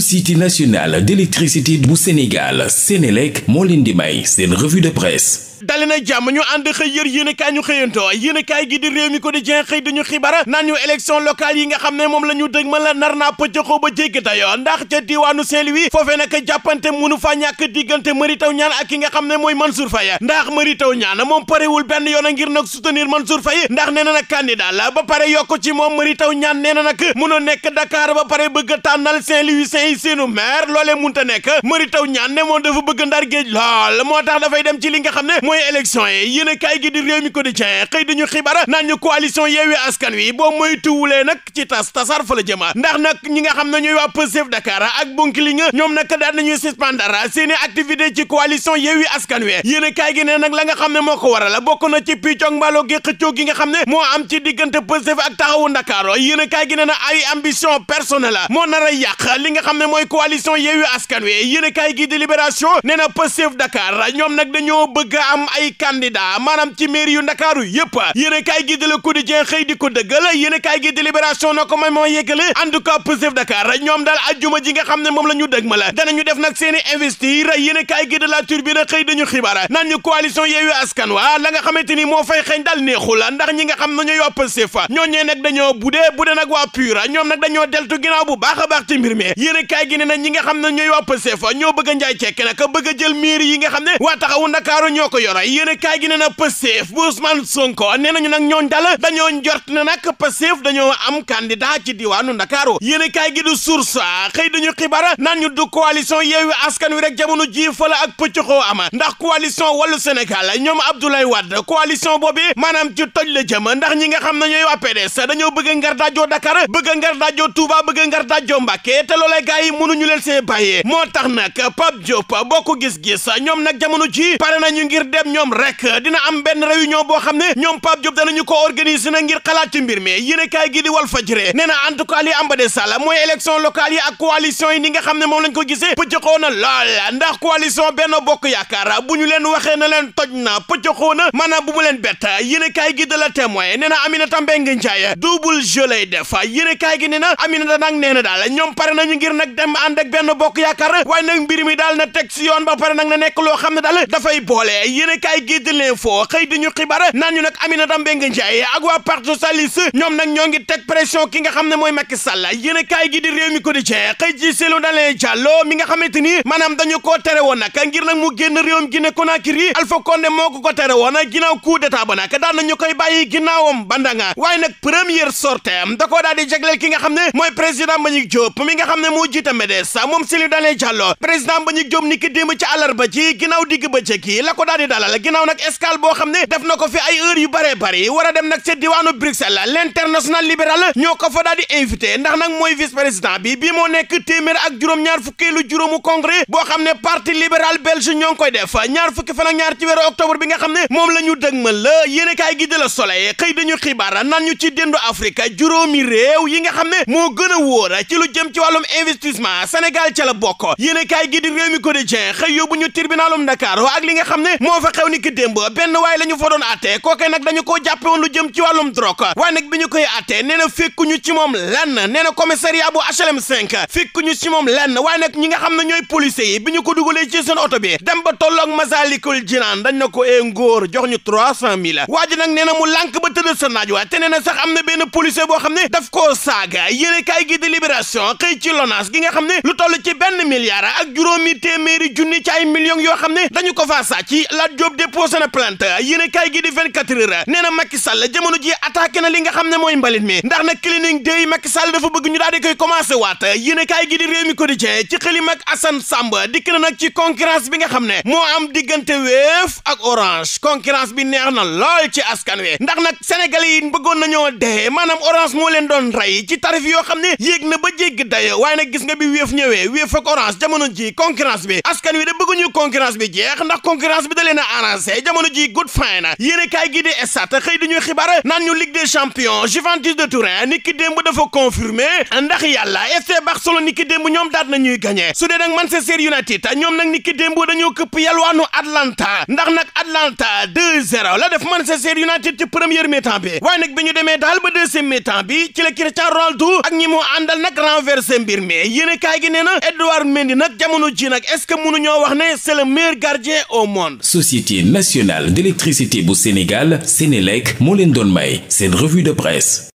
société nationale d'électricité bu Sénégal Sénélec moo leen di may seen revue de presse dali na jàmm ñu ànd xëy yër yéenekaay ñu xëyantoo yéenekaay gi di réew mi ko di jen xëy dañu xibara naan ñu élection locale yi nga xam ne moom la ñu dëg ma la nar naa pëccaxoo a jéggi dayoo ndax ca diwaanu Saint-Louis foofee nag jàppante mënu fa ñàkk diggante Mary Teuw Niane ak ki nga xam ne mooy Mansour Faye ndax Mary Teuw Niane moom parewul benn yoon a ngir nag soutenir Mansour Faye ndax nee na nag candidat la ba pare yokk ci moom Mary Teuw Niane nee na a tey seenu maire loolee munta nekk Mary Teuw Niane ne moom dafa bëgg ndar géej lool moo tax dafay dem ci li nga xam ne mooy élection yi yéen a kaay gi di réew mi quotidien xëy dañu xibaar naan ñu coalition yeewi askan wi boo mooy tuwulee nag ci tas tasar fa la jëma ndax nag ñi nga xam ne ñooy waa Pastef Dakar ak Bounkiling ñoom nag daan nañuy suspendre seeni activité ci coalition yeewi askan wi yéen a gi ne nag la nga xam ne moo ko waral bokk ci piccog mbaaloo gi xëccoo gi xam ne moo am ci diggante Pastef ak taxawu Ndakaaru yéen a kaay na ay ambition personnelle moo xam ne mooy coalition Yewwi Askan Wi yéenekaay gi di Libération nee na Pastef Dakar ñoom nag dañoo bëgg am ay candidat maanaam ci mairie yu Ndakaaru yëpp yéenekaay gi di Le Quotidien xëy di ko dëggal yéenekaay gi di Libération na ko may moo yëggale en tout cas Pastef Dakar ñoom daal ajjuma ji nga xam ne moom la ñu dëg ma danañu def nag seeni investir yéenekaay gi de La Tribune xëy dañu xibaar naan ñu coalition Yewwi Askan Wi la nga xamante ni moo fay xëy daal neexul ndax ñi nga xam ne ñoo Pastef ñooñee nag dañoo budee budee nag waa PUR ñoom nag dañoo deltu ginnaaw bu baax a baax ci mbir mi yéene kaay gi ne na ñi nga xam ne ñooy waa Pastef ñoo bëgg a njaay cekke nag bëgg a jël mairie yi nga xam ne waa taxawu Ndakaaru ñoo ko yoro yéene kaay gi ne na Pastef bu Ousmane Sonko nee nañu nag ñoo dal dañoo njort ne nag Pastef dañoo am candidat ci diwaanu Ndakaaru yéene kaay gi du source xëy dañu xibaar naan ñu du coalition Yewwi Askan Wi rek jamono ji fa ak pëccxoo ama ndax coalition Wallu Sénégal ñoom Abdoulaye Wade coalition boobu maanaam ci toj la jëm ñi nga xam ne ñooy waa PDS dañoo a ngar daajoo a ngar daajoo Touba a gars yi mënuñu leen see bàyyee moo tax nag Pape Diop bokk gis-gis ñoom nag jamono ji pare nañu ngir dem ñoom rek dina am benn réunion boo xam ne ñoom Pape Diop danañu ko organiser na ngir xalaat ci mbir mi yéen kaay gi di Walf Fadjri nee na en tout cas li am ba des sala mooy élection locale yi ak coalition yi ni xam ne moom lañ ko gisee pëccëxoo na lool ndax coalition Benno Bokk Yaakaar bu ñu leen waxee na leen toj na pëccëxoo na ma bu mu leen bett yéen kaay gi la témoin nee na Aminata Mbengue Ndiaye double jeu lay def nag dem ànd benn bokk yaakaar waaye nag mbir mi daal na teg si yoon ba pare nag na nekk loo xam ne daal dafay boole yéen a kaay gi di l'info xëy di ñu xibaar naan ñu nag dam Mbengue Ndiaye ak waa parti socialiste ñoom nag ñoo ngi teg pression ki nga xam ne mooy Macky Sall yéen a kaay gi di réew mi quotidien xëy ci Cellou Dalein Diallo mi nga xamante ni maanaam dañu koo tere woon nag ngir nag mu génn réewum Guinée Conakry Alpha Condé moo ko ko tere woon ginnaaw coup d'état ba nag daan nañu koy bàyyi ginnaawam bandanga waaye nag première sortie da koo daal di jagleel ki nga xam ne mooy président Mbagnick Diop mi nga xam ne moo jiite MEDES moom Cellou Dalein Diallo président Mbagnick Diop ni ki démb ci àllarba ji ginnaaw digg bëccëg yi la ko daal di dalal nag escale boo xam ne def na ko fi ay heure yu bare bari war a dem nag ca diwaanu Bruxelles l'international libéral ñoo ko fa daal di ndax nag mooy vice président bi bii moo nekk téeméer ak juróom-ñaar fukkeelu juróomu congrès boo xam ne parti libéral belge ñoo koy def ñaar fukki fan ak ñaar ci weeru octobre bi nga xam a investissement Sénégal ca la bokk yéen kaay gi di réew mi quotidien xëy yóbbu ñu tribunalum Ndakaaru ak li nga xam ne moo fa xew ni ki démb benn waaye la ñu fa doon atte kooke nag dañu koo jàppe woon lu jëm ci wàllum drogue waaye nag bi ñu koy atte nee na fekkuñu ci moom lenn nee na commissariat bu HLM 5 fekkuñu ci moom lenn waaye nag ñi nga xam na ñooy policiers yi bi ñu ko dugalee ci seen oto bi dem ba tolloog Masalikul Jinaan dañ na ko ee jox ñu trois cent mille waa nag nee na mu lànk ba tëdd wa te nee sax am na benn policier boo xam ne daf koo saaga yéen kaay gi di libération xëy ci lona Casamance nga xam ne lu toll ci benn milliard ak juróomi téeméeri junni ci ay millions yoo xam ne dañu ko faa la Lat Diop déposé na plainte yéen a kaay gi di 24 heures nee na Macky Sall jamono ji attaqué na li nga xam ne mooy mbalit mi ndax na cleaning day Macky Sall dafa bëgg ñu daal di koy commencé waat yéen a kaay gi di réew mi quotidien ci xëlim ak Assane Samba dikk na nag ci concurrence bi nga xam ne moo am diggante Wave ak Orange concurrence bi neex na lool ci askan wi ndax nag sénégalais yi bëggoon nañoo dee maanaam Orange moo leen doon rey ci tarif yoo ne yéeg na ba jégg dayo waaye gis nga bi wéef ñëwee wéef ak orange jamono ji concurrence bi askan wi da bëgguñu concurrence bi jeex ndax concurrence bi da leen a arrangé jamono ji good fine yéene kaay gi di estat xëy duñu xibaar naan ñu ligue des champions Juventus de Turin ni ki démb dafa confirmé ndax yàlla FC Barcelone ni ki démb ñoom daat na ñuy su dee nag Manchester United ñoom nag ni ki démb dañoo këpp yalwaanu Atlanta ndax nag Atlanta la def Manchester United yéene kaay gi nee na Edouard Mendy nag jamono ji est-ce que mënuñoo wax ne c'est le meilleur gardien au monde. Société nationale d'électricité bu Sénégal Sénélec moo leen doon may seen revue de presse.